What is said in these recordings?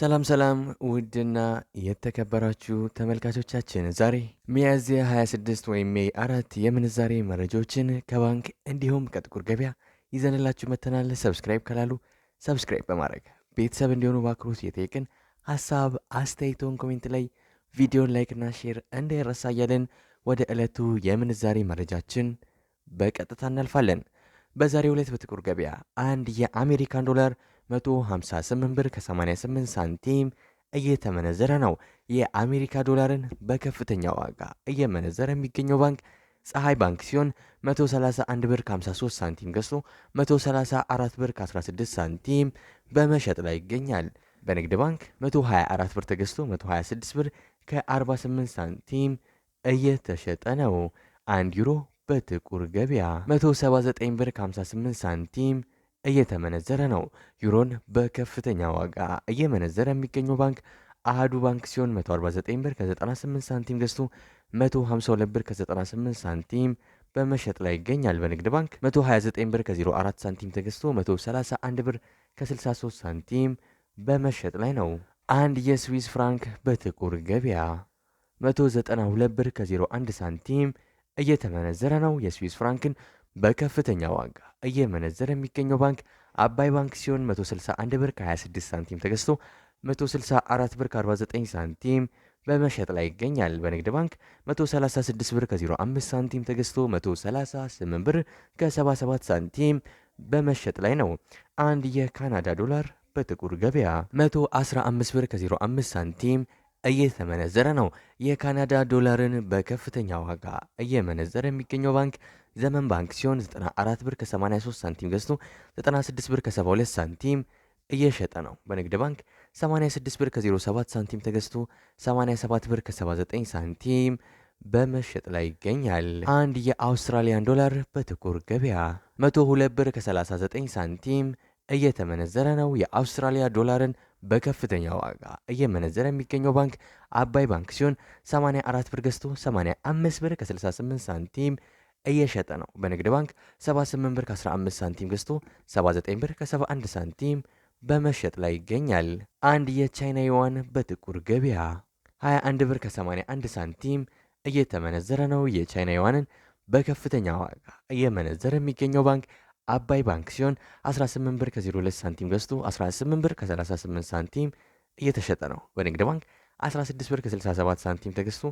ሰላም ሰላም ውድና የተከበራችሁ ተመልካቾቻችን ዛሬ ሚያዝያ 26 ወይም ሜይ አራት የምንዛሬ መረጃዎችን ከባንክ እንዲሁም ከጥቁር ገበያ ይዘንላችሁ መተናል። ሰብስክራይብ ካላሉ ሰብስክራይብ በማድረግ ቤተሰብ እንዲሆኑ በአክብሮት እየጠየቅን ሀሳብ አስተያየቶን ኮሜንት ላይ ቪዲዮን ላይክና ሼር እንዳይረሳ እያልን ወደ ዕለቱ የምንዛሬ መረጃችን በቀጥታ እናልፋለን። በዛሬው ዕለት በጥቁር ገበያ አንድ የአሜሪካን ዶላር 158 ብር ከ88 ሳንቲም እየተመነዘረ ነው። የአሜሪካ ዶላርን በከፍተኛ ዋጋ እየመነዘረ የሚገኘው ባንክ ፀሐይ ባንክ ሲሆን 131 ብር ከ53 ሳንቲም ገዝቶ 134 ብር ከ16 ሳንቲም በመሸጥ ላይ ይገኛል። በንግድ ባንክ 124 ብር ተገዝቶ 126 ብር ከ48 ሳንቲም እየተሸጠ ነው። አንድ ዩሮ በጥቁር ገበያ 179 ብር ከ58 ሳንቲም እየተመነዘረ ነው። ዩሮን በከፍተኛ ዋጋ እየመነዘረ የሚገኘው ባንክ አህዱ ባንክ ሲሆን 149 ብር ከ98 ሳንቲም ገዝቶ 152 ብር ከ98 ሳንቲም በመሸጥ ላይ ይገኛል። በንግድ ባንክ 129 ብር ከ04 ሳንቲም ተገዝቶ 131 ብር ከ63 ሳንቲም በመሸጥ ላይ ነው። አንድ የስዊስ ፍራንክ በጥቁር ገበያ 192 ብር ከ01 ሳንቲም እየተመነዘረ ነው። የስዊስ ፍራንክን በከፍተኛ ዋጋ እየመነዘረ የሚገኘው ባንክ አባይ ባንክ ሲሆን 161 ብር ከ26 ሳንቲም ተገዝቶ 164 ብር ከ49 ሳንቲም በመሸጥ ላይ ይገኛል። በንግድ ባንክ 136 ብር ከ05 ሳንቲም ተገዝቶ 138 ብር ከ77 ሳንቲም በመሸጥ ላይ ነው። አንድ የካናዳ ዶላር በጥቁር ገበያ 115 ብር ከ05 ሳንቲም እየተመነዘረ ነው። የካናዳ ዶላርን በከፍተኛ ዋጋ እየመነዘረ የሚገኘው ባንክ ዘመን ባንክ ሲሆን 94 ብር ከ83 ሳንቲም ገዝቶ 96 ብር ከ72 ሳንቲም እየሸጠ ነው። በንግድ ባንክ 86 ብር ከ07 ሳንቲም ተገዝቶ 87 ብር ከ79 ሳንቲም በመሸጥ ላይ ይገኛል። አንድ የአውስትራሊያን ዶላር በጥቁር ገበያ 102 ብር ከ39 ሳንቲም እየተመነዘረ ነው። የአውስትራሊያ ዶላርን በከፍተኛ ዋጋ እየመነዘረ የሚገኘው ባንክ አባይ ባንክ ሲሆን 84 ብር ገዝቶ 85 ብር ከ68 ሳንቲም እየሸጠ ነው። በንግድ ባንክ 78 ብር ከ15 ሳንቲም ገዝቶ 79 ብር ከ71 ሳንቲም በመሸጥ ላይ ይገኛል። አንድ የቻይና ዩዋን በጥቁር ገበያ 21 ብር ከ81 ሳንቲም እየተመነዘረ ነው። የቻይና ዩዋንን በከፍተኛ ዋጋ እየመነዘረ የሚገኘው ባንክ አባይ ባንክ ሲሆን 18 ብር ከ02 ሳንቲም ገዝቶ 18 ብር ከ38 ሳንቲም እየተሸጠ ነው። በንግድ ባንክ 16 ብር ከ67 ሳንቲም ተገዝቶ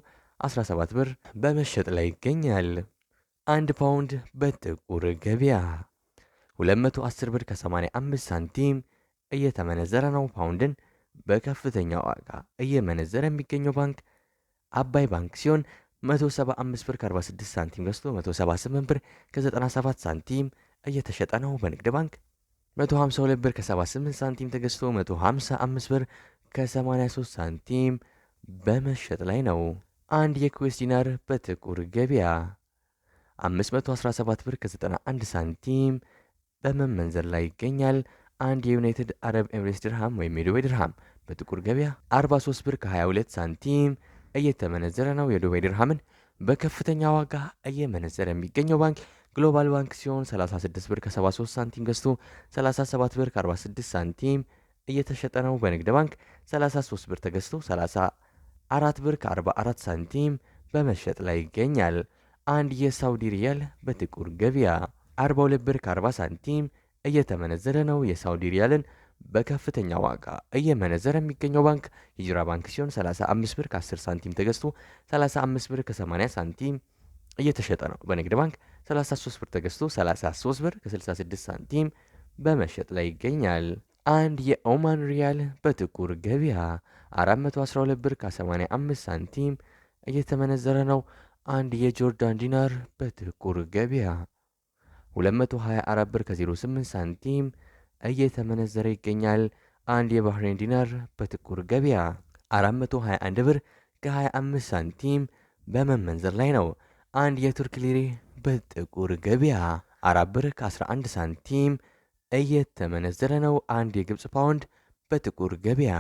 17 ብር በመሸጥ ላይ ይገኛል። አንድ ፓውንድ በጥቁር ገበያ 210 ብር ከ85 ሳንቲም እየተመነዘረ ነው። ፓውንድን በከፍተኛ ዋጋ እየመነዘረ የሚገኘው ባንክ አባይ ባንክ ሲሆን 175 ብር ከ46 ሳንቲም ገዝቶ 178 ብር ከ97 ሳንቲም እየተሸጠ ነው። በንግድ ባንክ 152 ብር ከ78 ሳንቲም ተገዝቶ 155 ብር ከ83 ሳንቲም በመሸጥ ላይ ነው። አንድ የኩዌስ ዲናር በጥቁር ገበያ 517 ብር ከ91 ሳንቲም በመመንዘር ላይ ይገኛል። አንድ የዩናይትድ አረብ ኤምሬስ ድርሃም ወይም የዱባይ ድርሃም በጥቁር ገበያ 43 ብር ከ22 ሳንቲም እየተመነዘረ ነው። የዱባይ ድርሃምን በከፍተኛ ዋጋ እየመነዘረ የሚገኘው ባንክ ግሎባል ባንክ ሲሆን 36 ብር ከ73 ሳንቲም ገዝቶ 37 ብር ከ46 ሳንቲም እየተሸጠ ነው። በንግድ ባንክ 33 ብር ተገዝቶ 34 ብር ከ44 ሳንቲም በመሸጥ ላይ ይገኛል። አንድ የሳውዲ ሪያል በጥቁር ገበያ 42 ብር ከ40 ሳንቲም እየተመነዘረ ነው። የሳውዲ ሪያልን በከፍተኛ ዋጋ እየመነዘረ የሚገኘው ባንክ ሂጅራ ባንክ ሲሆን 35 ብር ከ10 ሳንቲም ተገዝቶ 35 ብር ከ80 ሳንቲም እየተሸጠ ነው። በንግድ ባንክ 33 ብር ተገዝቶ 33 ብር ከ66 ሳንቲም በመሸጥ ላይ ይገኛል። አንድ የኦማን ሪያል በጥቁር ገበያ 412 ብር ከ85 ሳንቲም እየተመነዘረ ነው። አንድ የጆርዳን ዲናር በጥቁር ገበያ 224 ብር ከ08 ሳንቲም እየተመነዘረ ይገኛል። አንድ የባህሬን ዲናር በጥቁር ገበያ 421 ብር ከ25 ሳንቲም በመመንዘር ላይ ነው። አንድ የቱርክ ሊሬ በጥቁር ገበያ 4 ብር ከ11 ሳንቲም እየተመነዘረ ነው። አንድ የግብፅ ፓውንድ በጥቁር ገበያ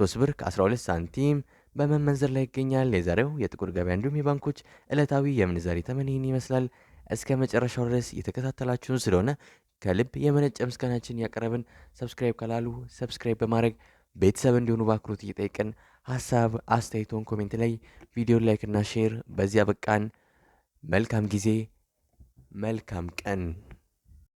3 ብር ከ12 ሳንቲም በመመንዘር ላይ ይገኛል። የዛሬው የጥቁር ገበያ እንዲሁም የባንኮች ዕለታዊ የምንዛሬ ተመን ይህን ይመስላል። እስከ መጨረሻው ድረስ የተከታተላችሁን ስለሆነ ከልብ የመነጨ ምስጋናችን ያቀረብን። ሰብስክራይብ ካላሉ ሰብስክራይብ በማድረግ ቤተሰብ እንዲሆኑ በአክብሮት እየጠየቅን ሀሳብ አስተያየቶን ኮሜንት ላይ ቪዲዮ ላይክና ሼር። በዚያ በቃን። መልካም ጊዜ መልካም ቀን